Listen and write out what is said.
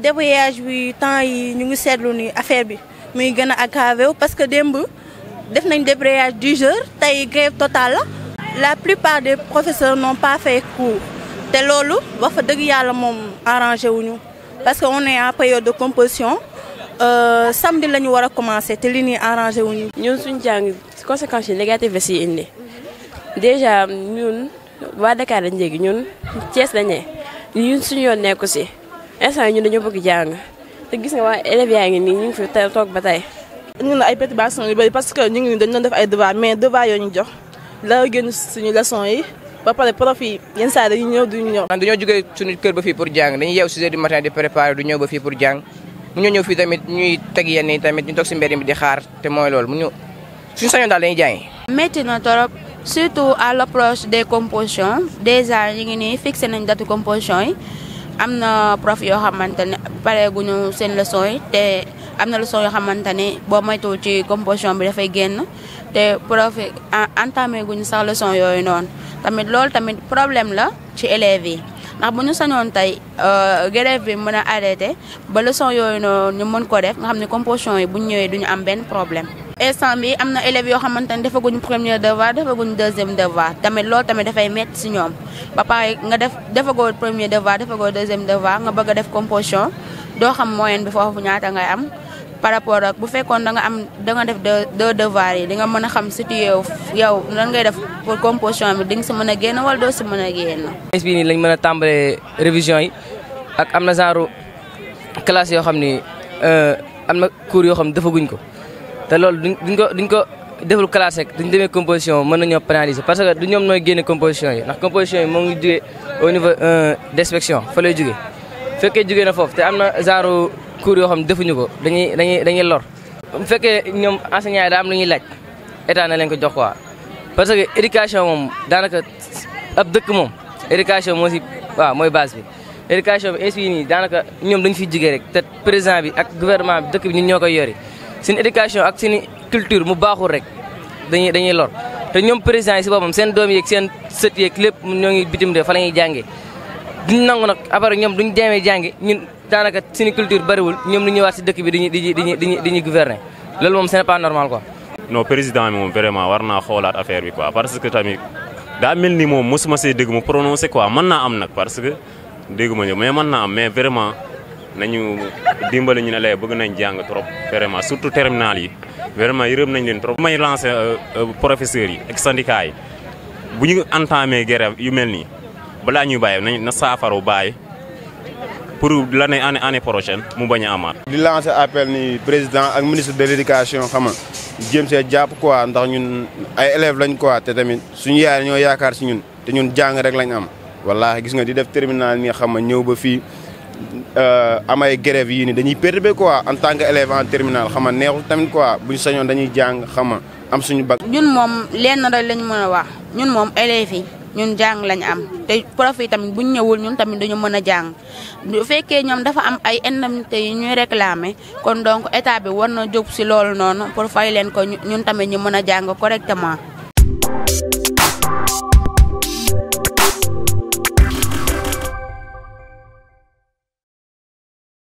débrayage wi temps yi ñu ngi seetlu ni affaire bi muy gën a aggravé parce que démb def nañ débrayage dix heures tey grève totale la la plupart des professeurs n'ont pas fait cours te loolu wax fa dëgg yàlla moom arrangé wuñu parce que on est en période de composition euh, samedi la ñu war a commencé te li ñuy arrangé wuñu ñun suñ jàng conséquences yu négatives la indi déjà ñun waa Dakar lañ léegi ñun Thiès lañee ñun suñu yoon nekku si instant ñun dañoo bëgg jàng te gis nga waa élèves yaa ngi ngi fi toog ba tey. ñun ay perturbations yu bëri parce que ñu ngi dañu doon def ay devoir mais devoir yoo ñu jox la génn suñu leçon yi. ba pare prof yi yenn saa dañuy ñëw duñu ñëw. dañoo jógee suñu kër ba fii pour jàng dañuy yeew 6 heures du matin di préparer du ñëw ba fii pour jàng mu ñoo ñëw fii tamit ñuy teg yenn yi tamit ñu toog si mbedd mi di xaar te mooy loolu mu ñu suñu sañoon daal dañuy jaay. métti na torop surtout à l'approche des compositions déjà ñu ngi nii fixe nañ datu composition yi am na prof yoo xamante ne pareeguñu seen leçon yi te am na leçon yoo xamante ne boo moytuwul ci composition bi dafay génn te prof yi entamé guñu sax leçon yooyu noonu tamit loolu tamit problème la ci élèves yi. ndax bu ñu sañoon tey euh, grève bi mën a arrêté ba leçon yooyu noonu ñu mën ko def nga xam ne composition yi bu ñu ñëwee du am benn problème. instant bi am na élèves yoo xamante ne defaguñu premier devoir defaguñu deuxième devoir tamit loolu tamit dafay métti si ñoom ba pare nga def defagoo premier devoir defagoo deuxième devoir nga bëgg def composition doo xam moyenne bi foofu ñaata ngay am par rapport ak bu fekkoon da am da def deux deux yi di nga mën a xam situé yow nan ngay def pour composition bi di nga si mën a génn wala doo si mën a génn. xeetu bi nii lañ mën a tàmbalee révision yi ak am na genre classe yoo xam ni euh, am na cours yoo xam ne defaguñ ko. te loolu duñ duñ ko duñ ko deful classe rek duñ demee composition mën nañoo pénaliser parce que du ñoom nooy génne composition yi ndax composition yi moo ngi jugee au niveau euh, d'inspection fa lay jugee fekkee jugee na foofu te am na genre cours yoo xam ne defuñu ko dañuy dañuy dañuy lor bu fekkee ñoom enseignants yi daa am lu ñuy laaj état na ko jox quoi parce que éducation moom daanaka ab dëkk moom éducation moo si waaw mooy base bi éducation bi inspire nii daanaka ñoom dañu fiy jugee rek te président bi ak gouvernement bi dëkk bi ñun ñoo koy yori seen éducation ak seen culture mu baaxul rek dañuy dañuy lor te ñoom président yi si boppam seen doom yeeg seen sët yeeg lépp ñoo ngi bitim de fa la ñuy jàngee duñ nangu nag après ñoom duñ demee jàngi ñun daanaka seen culture bariwul ñoom lu ñëwaat si dëkk bi diñu diñu diñu diñu diñuy gouverner loolu moom c'est pas normal quoi. non président bi moom vraiment war naa xoolaat affaire bi quoi parce que tamit daa mel ni moom ma see dégg mu prononcé quoi mën naa am nag parce que dégg ma ñëw mais mën naa am mais vraiment. nañu dimbali ñu ne la bëgg nañ jàng trop vraiment surtout terminal yi vraiment yërëm nañ leen trop. may lancé euh, euh, professeurs yi ak syndicats yi bu ñu entamé grève yu mel ni balaa ñu bàyyi nañ na saafaru bàyyi pour l'année année année prochaine mu bañ a amaat. di lancé appel ni président ak ministre de l'éducation xam nga jéem see jàpp quoi ndax ñun ay élèves lañ quoi te tamit suñu yaay ñoo yaakaar si ñun te ñun jàng rek lañ am. wallaahi gis nga di def terminal nii xam nga ñëw ba fii. Euh, am ay grève yii nii dañuy perturbé quoi en tant que élève en terminale xama neexul tamit quoi ñu sañoon dañuy jàng xama am suñu bag ñun moom lenn rek lañ mën a wax ñun moom élèves ñun jàng lañ am te prof yi tamit buñ ñëwul ñun tamit dañu mën a jàng bu fekkee ñoom dafa am ay indemnité yu ñuy réclamer kon donc état bi war na jóg si loolu noonu pour fay leen ko ñun tamit ñu mën a jàng correctement.